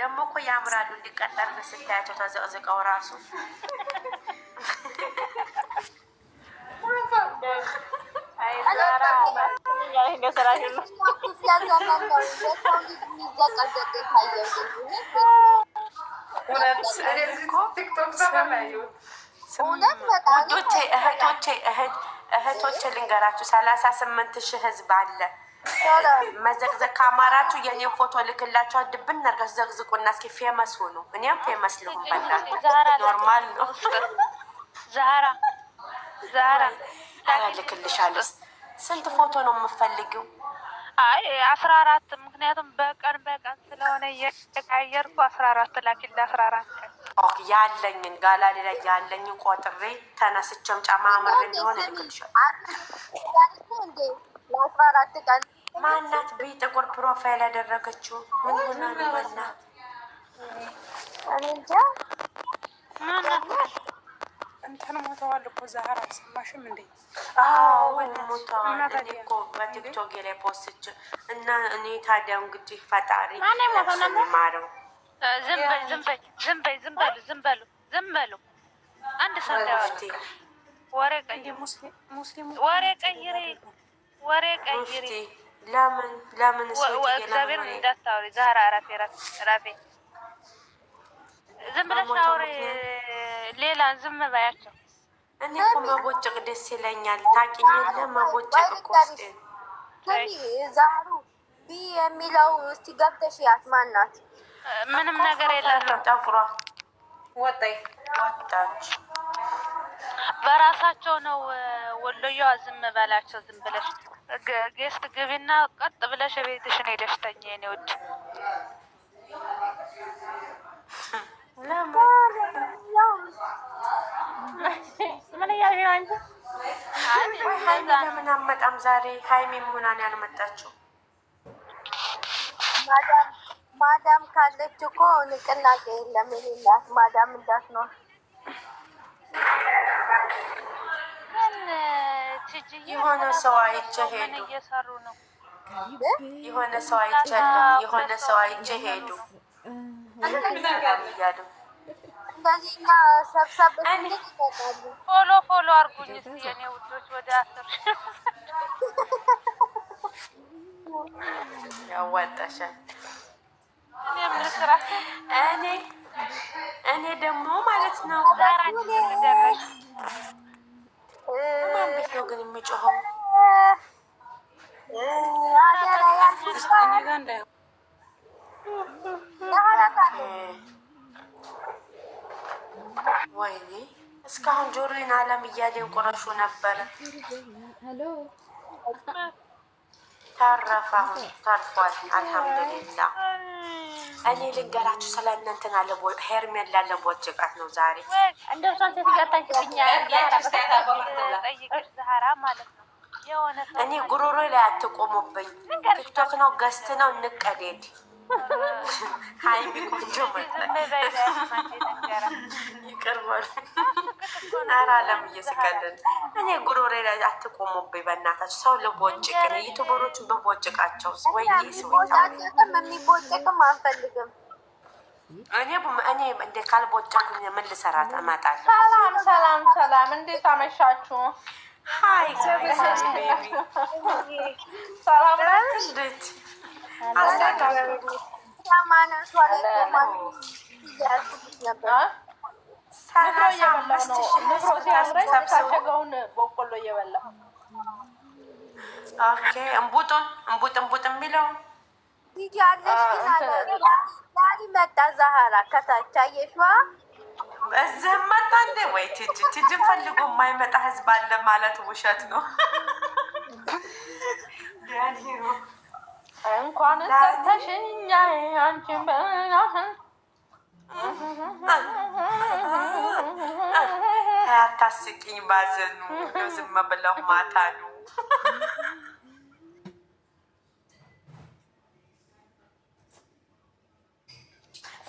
ደግሞ እኮ ያምራሉ። እንዲቀጠር ስታያቸው ተዘቅዝቀው ራሱ እህቶቼ ልንገራችሁ ሰላሳ ስምንት ሺህ ህዝብ አለ መዘግዘግ ከአማራችሁ የኔ ፎቶ ልክላቸው ድብን ነገር ዘግዝቁ እና እስኪ ፌመስ ሆኑ። እኔም ፌመስ ልሁን። በእናትህ ኖርማል ነው። ዛራ ዛራ ልክልሻለሁ። ስንት ፎቶ ነው የምፈልጊው? አይ አስራ አራት ምክንያቱም በቀን በቀን ስለሆነ እየቀያየርኩ አስራ አራት ላኪል አስራ አራት ያለኝን ጋላሪ ላይ ያለኝን ቆጥሬ ተነስቼም ጫማ አምሬ እንደሆነ ልክልሻለሁ። ማናት ብ ጥቁር ፕሮፋይል ያደረገችው ምን ሆና ነው? ማናት እንትን ሞተዋል እኮ ዛህራ አልሰማሽም እንዴ? ሞተዋል እኮ በቲክቶክ ላይ ፖስት እና እኔ ታዲያ እንግዲህ ፈጣሪ ማረው። ዝም በል ዝም በል ዝም በል ዝም በሉ ዝም በሉ ዝም በሉ አንድ ሰው ወሬ ቀይሬ ወሬ ቀይሬ ለምን ለምን እግዚአብሔር እንዳታወሪ ዛህራ፣ እራፌ እራፌ፣ ዝም ብለሽ አውሪ። ሌላ ዝም በያቸው። እኔ እኮ መቦጭቅ ደስ ይለኛል። ታውቂኝ የለ መቦጭቅ እኮ ውስጤ ዛህሩ ቢ የሚለው እስቲ ገብተሽ ያት ማናት? ምንም ነገር የላትም። ጠቁሯ ወጣይ ወጣች። በራሳቸው ነው ወሎየዋ። ዝም በላቸው ዝም ብለሽ ጌስት ግቢና ቀጥ ብለሽ ቤትሽን ሄደሽ ተኝ። ውድ ምን እያልሽ ነው አንቺ? ለምን አትመጣም ዛሬ? ሀይሚ መሆናን ያልመጣችው ማዳም ካለች እኮ ንቅናቄ የለም። ይሄላት ማዳም እንዳት ነው የሆነ ሰው አይቼ ሄዱ። የሆነ ሰው አይቼ የሆነ ሰው አይቼ ሄዱ እያሉ ፎሎ ፎሎ አድርጉኝ እስኪ የኔ ውዶች ወደ አስር ያዋጣሻል። እኔ እኔ ደግሞ ማለት ነው ማን ቤት ነው ግን የሚጮኸው? ወይኔ እስካሁን ጆሮዬን አለም እያለኝ ቁረሹ ነበረ። ተረፈ፣ አሁን ተርፏል። አልሐምዱሊላ። እኔ ልንገራችሁ ስለ እንትና ሄርሜላ ለቦጭቃት ነው ዛሬ ልጠይቅሽ ዛህራ ማለት ነው። እኔ ጉሮሮ ላይ አትቆሙብኝ። ቲክቶክ ነው ገስት ነው እንቀደድ ሀይሚ ቆንጆ ይቀርባል። ኧረ አለምዬ ስቀልን እኔ ጉሮሬ ላይ አትቆሙብኝ በእናታችሁ። ሰው ልቦጭቅ ዩቱበሮችን በቦጭቃቸው ወይ ሰው የሚቦጭቅም አንፈልግም። እኔ እንደ ካልቦጨኩኝ ምን ልሰራ እመጣለሁ። ሰላም ሰላም ሰላም፣ እንዴት አመሻችሁ? ሀይ ሰላም እንዴት የታሸገውን በቆሎ እየበላ እምቡጡን እምቡጥ እምቡጥ የሚለውን ሂጂ አለሽ ግን አለ ዛሬ መጣ። ዛህራ ከታች አየሽዋ እዚህ መጣ እንዴ? ወይ ቲጂ ቲጂን ፈልጎ የማይመጣ ህዝብ አለ ማለት ውሸት ነው። እንኳን ሰርተሽኛ አንቺን በናህን አታስቂኝ። ባዘኑ ዝም ብለው ማታሉ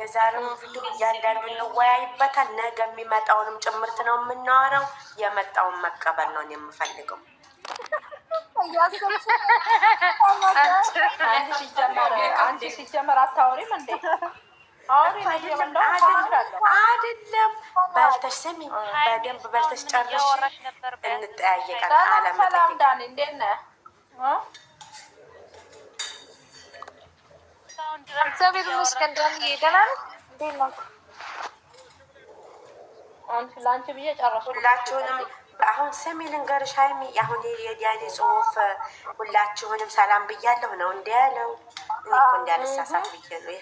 የዛሬውን ቪዲዮ እያንዳንዱ እንወያይበታል። ነገ የሚመጣውንም ጭምርት ነው የምናወራው። የመጣውን መቀበል ነው የምፈልገው። ሲጀመር አታወሪም እንዴ? አይደለም በልተሽ ስሚ፣ በደንብ በልተሽ ጨርሽ፣ እንጠያየቃል። አለመጠየቅ እግዚአብሔር ይመስገን። ዳንዬ ደህና ነህ? እንዴት ናት? ለአንቺ ብዬ ጨረስኩ። ሁላችሁንም አሁን ስሚ ልንገርሽ ሀይሚ፣ አሁን የዲያኔ ጽሁፍ ሁላችሁንም ሰላም ብያለሁ ነው እንዲ ያለው። እኔ እኮ እንዳልሳሳት ብዬ ነው።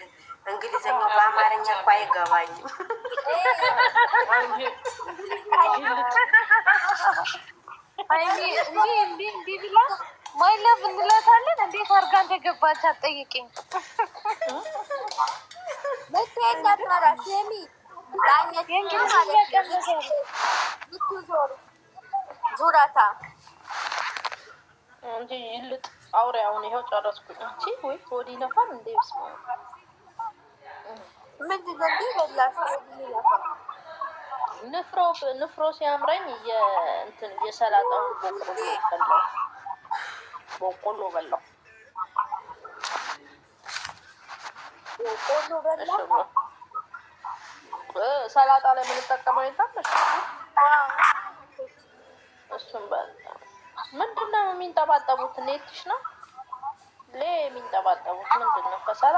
እንግሊዝኛው በአማርኛ እኮ አይገባኝም። ሀይሚ እንዲ እንላታለን። እንዴት አድርጋ እንደገባች አትጠይቅኝ። ይልጥ አውሬ አሁን ይኸው ጨረስኩኝ። አንቺ ወይ ወዲ ነፋን እንደ ንፍሮ ንፍሮ ሲያምረኝ እንትን የሰላጣውን በቆሎ በላሁ። ቆሎ በላ ሰላጣ ላይ የምንጠቀመው የለም። እሱም ምንድን ነው የሚንጠባጠቡት? ኔትሽ ነው ሌ የሚንጠባጠቡት ምንድን ነው? ከሰላ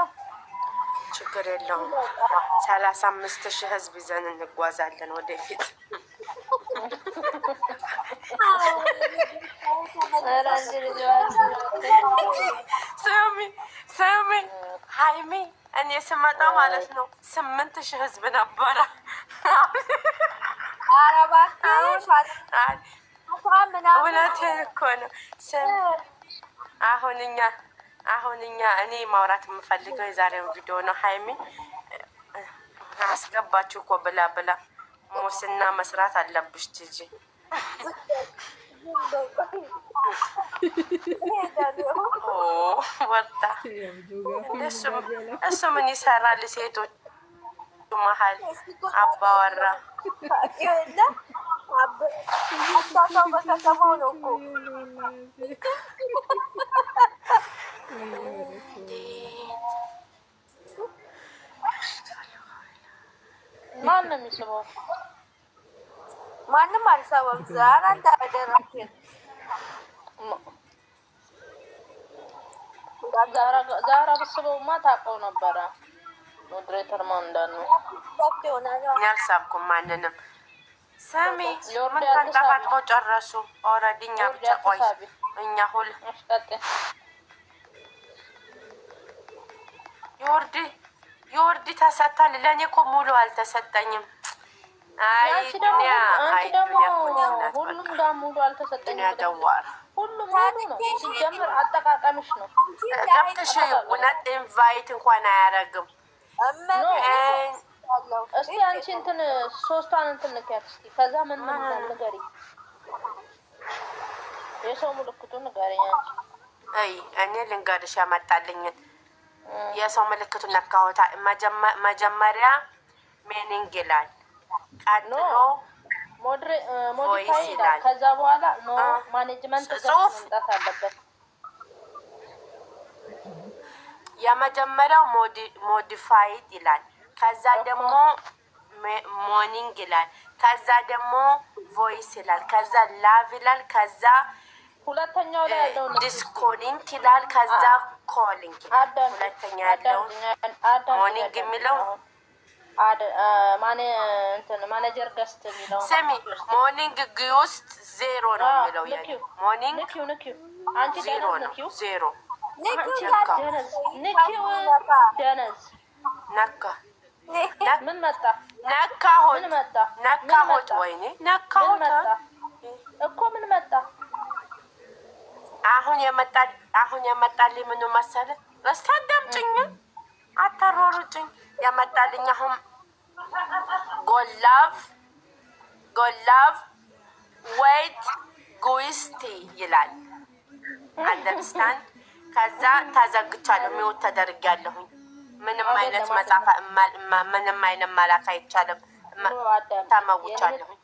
ችግር የለውም። ሰላሳ አምስት ሺህ ህዝብ ይዘን እንጓዛለን ወደፊት። ስሚ ስሚ ሀይሚ እኔ ስመጣ ማለት ነው ስምንት ሺህ ህዝብ ነበረ። እውነት እኮ ነው። አሁን እኛ አሁን እኛ እኔ ማውራት የምፈልገው የዛሬውን ቪዲዮ ነው። ሀይሚ አስገባችሁ እኮ ብላ ብላ ሙስና መስራት አለብሽ ቲጂ Oh, betul. Esu, esu manisnya lali si itu mahal. Abor. Iya, abor. Astaga, bosan banget aku. Mana misewo? Mana mal sih abang? Aaan, dia ada rapi. ዛራ ብስበውማ ታውቀው ነበረ። ሞዴሬተር ማን እንዳሉ ያልሳብኩም ማንንም ስሚ ተንጠባጥበው ጨረሱ። ኦልሬዲ እኛ ብቻ ቆይ እኛ ሁል ይወርድ ይወርድ ተሰጥቷል። ለእኔ እኮ ሙሉ አልተሰጠኝም። አይ ዱኒያ አይ ዱኒያ ሁሉም ጋር ሙሉ አልተሰጠኝም። ዱኒያ ደዋር ሁሉም ሙሉ ሲጀምር አጠቃቀምሽ ነው። ገብትሽ እውነት ኢንቫይት እንኳን አያደርግም። እስቲ አንቺ እንትን ሶስቷን እንትን ንኪያት እስቲ። ከዛ ምን ምን ንገሪ፣ የሰው ምልክቱን ንገሪኝ አይ እኔ ልንገርሽ ያመጣልኝን የሰው ምልክቱን ነካሁታ። መጀመሪያ ሜኒንግ ይላል ቀጥሎ ሞዲፋይ ይላል። ከዛ በኋላ ኖ ማኔጅመንት ጽሁፍ መምጣት አለበት። የመጀመሪያው ሞዲፋይድ ይላል። ከዛ ደግሞ ሞርኒንግ ይላል። ከዛ ደግሞ ቮይስ ይላል። ከዛ ላቭ ይላል። ከዛ ሁለተኛው ላይ ያለው ዲስኮኒንግ ይላል። ከዛ ኮሊንግ ሁለተኛ ያለው ሞርኒንግ የሚለው ማኔጀር ገስት የሚለው ስሚ፣ ሞርኒንግ ግ ውስጥ ዜሮ ነው የሚለው ሞርኒንግ ዜሮ ነው ዜሮ ምን መጣ አሁን የመጣ አሁን የመጣልኝ ምኑ መሰለህ እስኪ አዳምጪኝ አታሯሩጭኝ። ያመጣልኝ አሁን ጎላቭ ጎላቭ ወይት ጉስቲ ይላል። አንደርስታንድ ከዛ ተዘግቻለሁ። ሚውት ተደርጊያለሁኝ። ምንም አይነት መጽሐፍ ምንም አይነት መላክ አይቻልም። ተመውቻለሁኝ።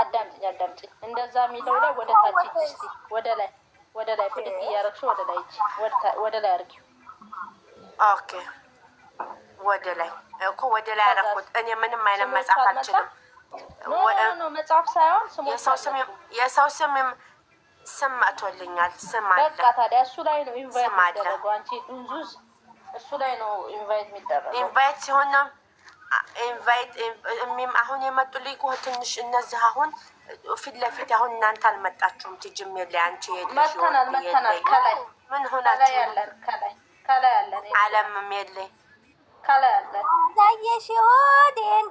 አዳምጭኝ አዳምጭኝ። እንደዛ የሚለው ላይ ወደ ታች እስኪ ወደ ላይ ወደ ላይ ፍድግ እያረግሽ ወደ ላይ ወደ ላይ አርጊው። ኦኬ ወደ ላይ እኮ ወደ ላይ አደረኩት። እኔ ምንም አይነት መጽሐፍ አልችልም። መጽሐፍ ሳይሆን የሰው ስምም ስም መቶልኛል። ስም አለ። ታዲያ እሱ ላይ ነው ኢንቫይት የሚደረገው። አንቺ ዱንዙዝ እሱ ላይ ነው ኢንቫይት የሚደረገው። ኢንቫይት ሲሆን ነው ኢንቫይት አሁን የመጡልኝ እኮ ትንሽ እነዚህ አሁን ፊት ለፊት አሁን እናንተ አልመጣችሁም። ትጅም የለ አንቺ መተናል መተናል ከላይ ምን ሆናችሁ አለምም የለኝ ከላይ አለ ሆዴን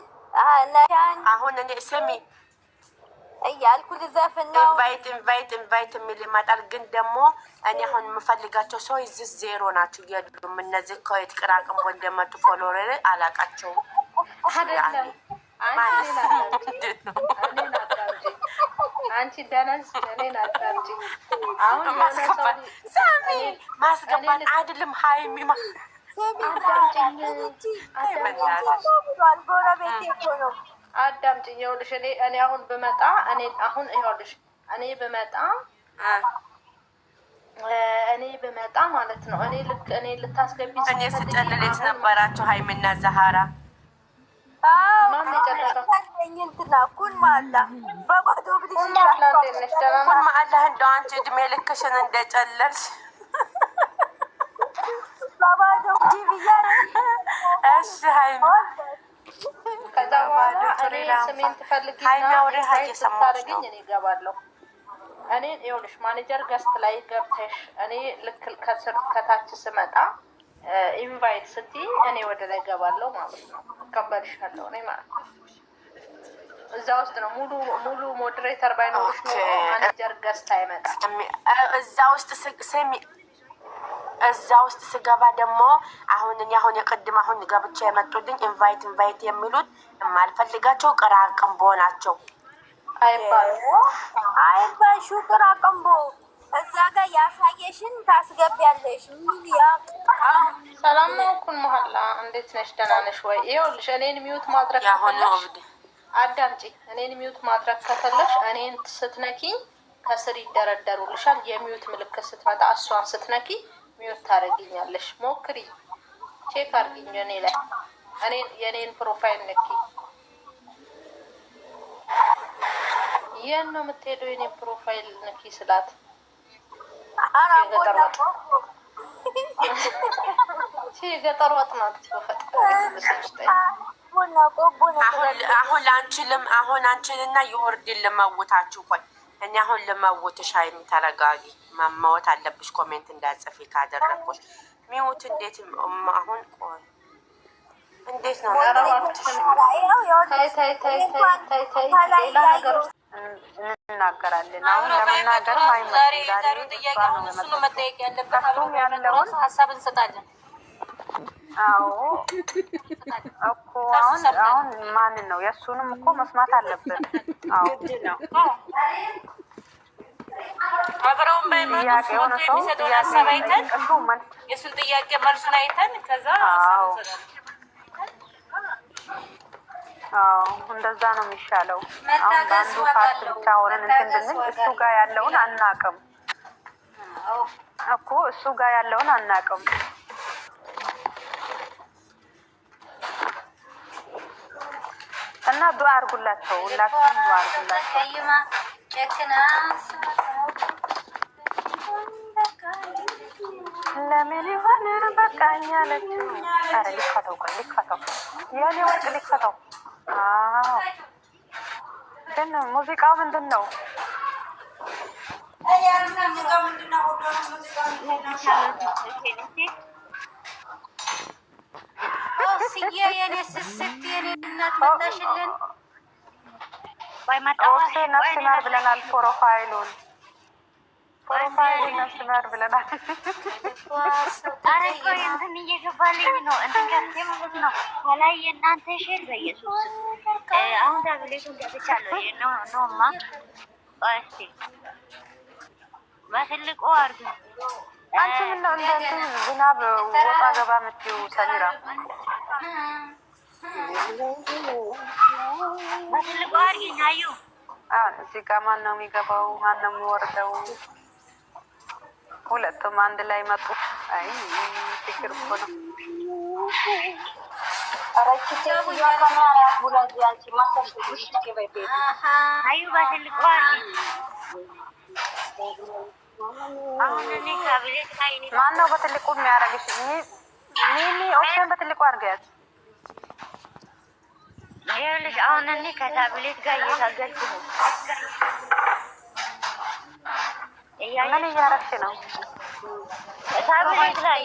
አሁን እኔ ስሚ እያልኩ ልዘፍን ኢንቫይት ኢንቫይት ኢንቫይት የሚል ይመጣል። ግን ደግሞ እኔ አሁን የምፈልጋቸው ሰው እዚህ ዜሮ ናቸው፣ የሉም። እነዚህ ከየት ቅራቅንቦ እንደመጡ ፎሎወር አላቃቸውም። አንቺ ደነስ እኔን አታምጪ። አሁን ማስገባት አይደለም ሀይሚ አዳምጪኝ። ይኸውልሽ ah. እኔ አሁን ብመጣ እኔ አሁን ይኸውልሽ እኔ ብመጣ እኔ ብመጣ ማለት ነው እኔ ልክ እኔ ልታስገቢ እኔ ስጨልል የት ነበራችሁ ሀይሚና ዛሀራ? ኩን ማአላህ እንደው አንቺ እድሜ ልክሽን እንደጨለልሽ ከዛ በኋላ ስሜን ትፈልጊና ስታደርግኝ እኔ እገባለሁ። እኔ ይኸውልሽ ማኔጀር ገስት ላይ ገብተሽ እኔ ልክ ከስር ከታች ስመጣ ኢንቫይት ስትይ እኔ ወደ ላይ እገባለሁ ማለት ነው። እቀበልሻለሁ እኔ ማለት ነው። እዛ ውስጥ ነው ሙሉ ሙሉ ሞዴሬተር ባይኖርሽ ማኔጀር ገስት አይመጣም እዛ ውስጥ ስሚ እዛ ውስጥ ስገባ ደግሞ አሁን እኔ አሁን የቅድም አሁን ገብቼ የመጡልኝ ኢንቫይት ኢንቫይት የሚሉት የማልፈልጋቸው ቅራቅንቦ ናቸው። አይባሹ ቅራቅንቦ እዛ ጋር ያሳየሽን ታስገቢያለሽ። ሰላም ነው እኩል መሀላ፣ እንዴት ነሽ? ደህና ነሽ ወይ? ይኸውልሽ እኔን ሚዩት ማድረግ ከፈለሽ አዳምጪ። እኔን ሚዩት ማድረግ ከፈለሽ እኔን ስትነኪኝ ከስር ይደረደሩልሻል። የሚዩት ምልክት ስትመጣ እሷን ስትነኪ ሚውት ታደርግኛለሽ። ሞክሪ፣ ቼክ አድርጊኝ እኔ ላይ የእኔን ፕሮፋይል ነኪ። የት ነው የምትሄደው? የኔ ፕሮፋይል ነኪ ስላት የገጠር ወጥ ናት። አሁን አንችልም። አሁን አንችልና ይወርድልን መውታችሁ ቆይ እኔ አሁን ልመውትሽ ሀይሚ ተረጋጊ። መመወት አለብሽ ኮሜንት እንዳጽፊ ካደረግኩሽ ሚውት እንዴት አሁን ቆይ እንዴት ነው ያለበት። ሀሳብ እንሰጣለን። እኮ አሁን አሁን ማንን ነው? የእሱንም እኮ መስማት አለብን። አብረውን ባይመጡ የሚሰጠውን ሀሳብ አይተን የእሱን ጥያቄ መልሱን አይተን ከዛ እንደዛ ነው የሚሻለው። አሁን በአንዱ ፓርት ብቻ ሆነን እንትን ብንል እሱ ጋር ያለውን አናቅም እኮ እሱ ጋር ያለውን አናቅም። እና ዱአ አድርጉላቸው። ሁላችሁም ዱአ አርጉላቸው። ለምን ይሆን ለችው። ቆይ የኔ ወርቅ ግን ሙዚቃው ምንድን ነው? ሙዚቃው ምንድን ነው? ኦስዬ የኔ ስስት የኔ እናት መጣሽልን። ኦሴ ነፍስ ብለናል። ፕሮፋይሉን ፕሮፋይሉን ነፍስ ብለናል። ኧረ ቆይ እንትን እየገባልኝ ነው እንትን ከፍቴ ማለት ነው። ከላይ የእናንተ ሼር በኢየሱስ አሁን ዳብሌቱን ገብቻለሁ። ነው ነውማ በትልቁ አርጉ። አንቺ ምነው ዝናብ ወጣ ገባ የምትይው ሰሚራ Masih lagi nayu. Ah, si kaman nang mika bau han luar tau. Kulat tu matu. Ai, pikir pun. Arai kita punya kamera bulan di anci masa sebut ke WP. Ayo bahasa lekor. Aku nanti kabel ini. Mana bahasa ሚሚ ኦፕሽን በትልቁ አድርገያት። ይኸውልሽ አሁን እኔ ከታብሌት ጋር እየታገልኩ ነው። ምን እያረግሽ ነው? ታብሌት ላይ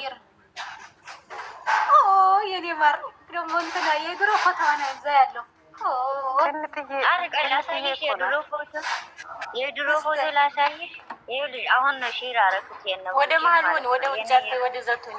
የኔ ማር ደግሞ እንትና የድሮ ፎቶ ነው እዛ ያለው የድሮ ፎቶ ላሳይሽ። ይኸውልሽ አሁን ነው ሼር አደረኩት። ወደ መሀል ሆን ወደ ወደ ዘቱኝ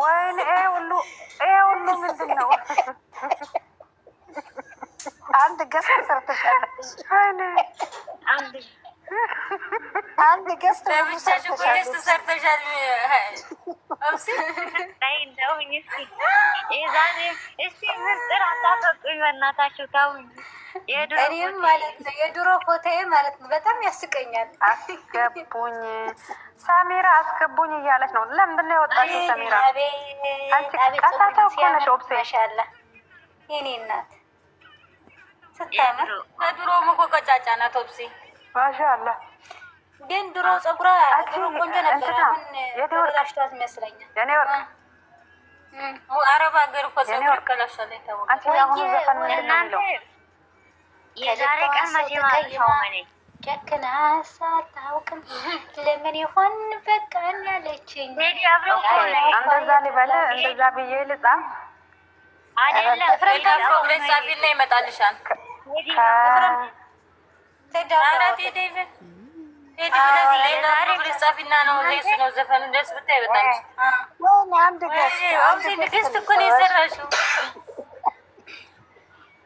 ወይኔ ይሄ ሁሉ ይሄ ሁሉ ምንድን ነው? አንድ ገስት ሰርተሻል። አንድ ገስት ሰርተሻል። እስኪ ምርጥር አታፈጡኝ በእናታችሁ ታውኝ እኔም ማለት ነው የድሮ ፎቶዬ ማለት ነው። በጣም ያስቀኛል። አስገቡኝ ሰሚራ አስገቡኝ እያለች ነው። ለምንድን ነው የወጣችው አንቺ ቀሳቸው እኮ ነሽ። የኔ እናት ስታምር ከድሮም እኮ ቀጫጫ ናት። ኦብሴ ግን ድሮ ድሮ ቆንጆ ነበር። አሁን ይመስለኛል። የኔ ወርቅ አረብ ሀገር እኮ የዛሬ ቀን መቼ ጨክና ሳታውቅም ለምን ይሆን በቃን ያለችኝ። እንደዛ ሊበለ እንደዛ ብዬ ልጻ አይደለም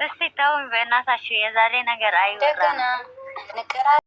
እስቲ ተውን በእናታችሁ፣ የዛሬ ነገር አይወራም።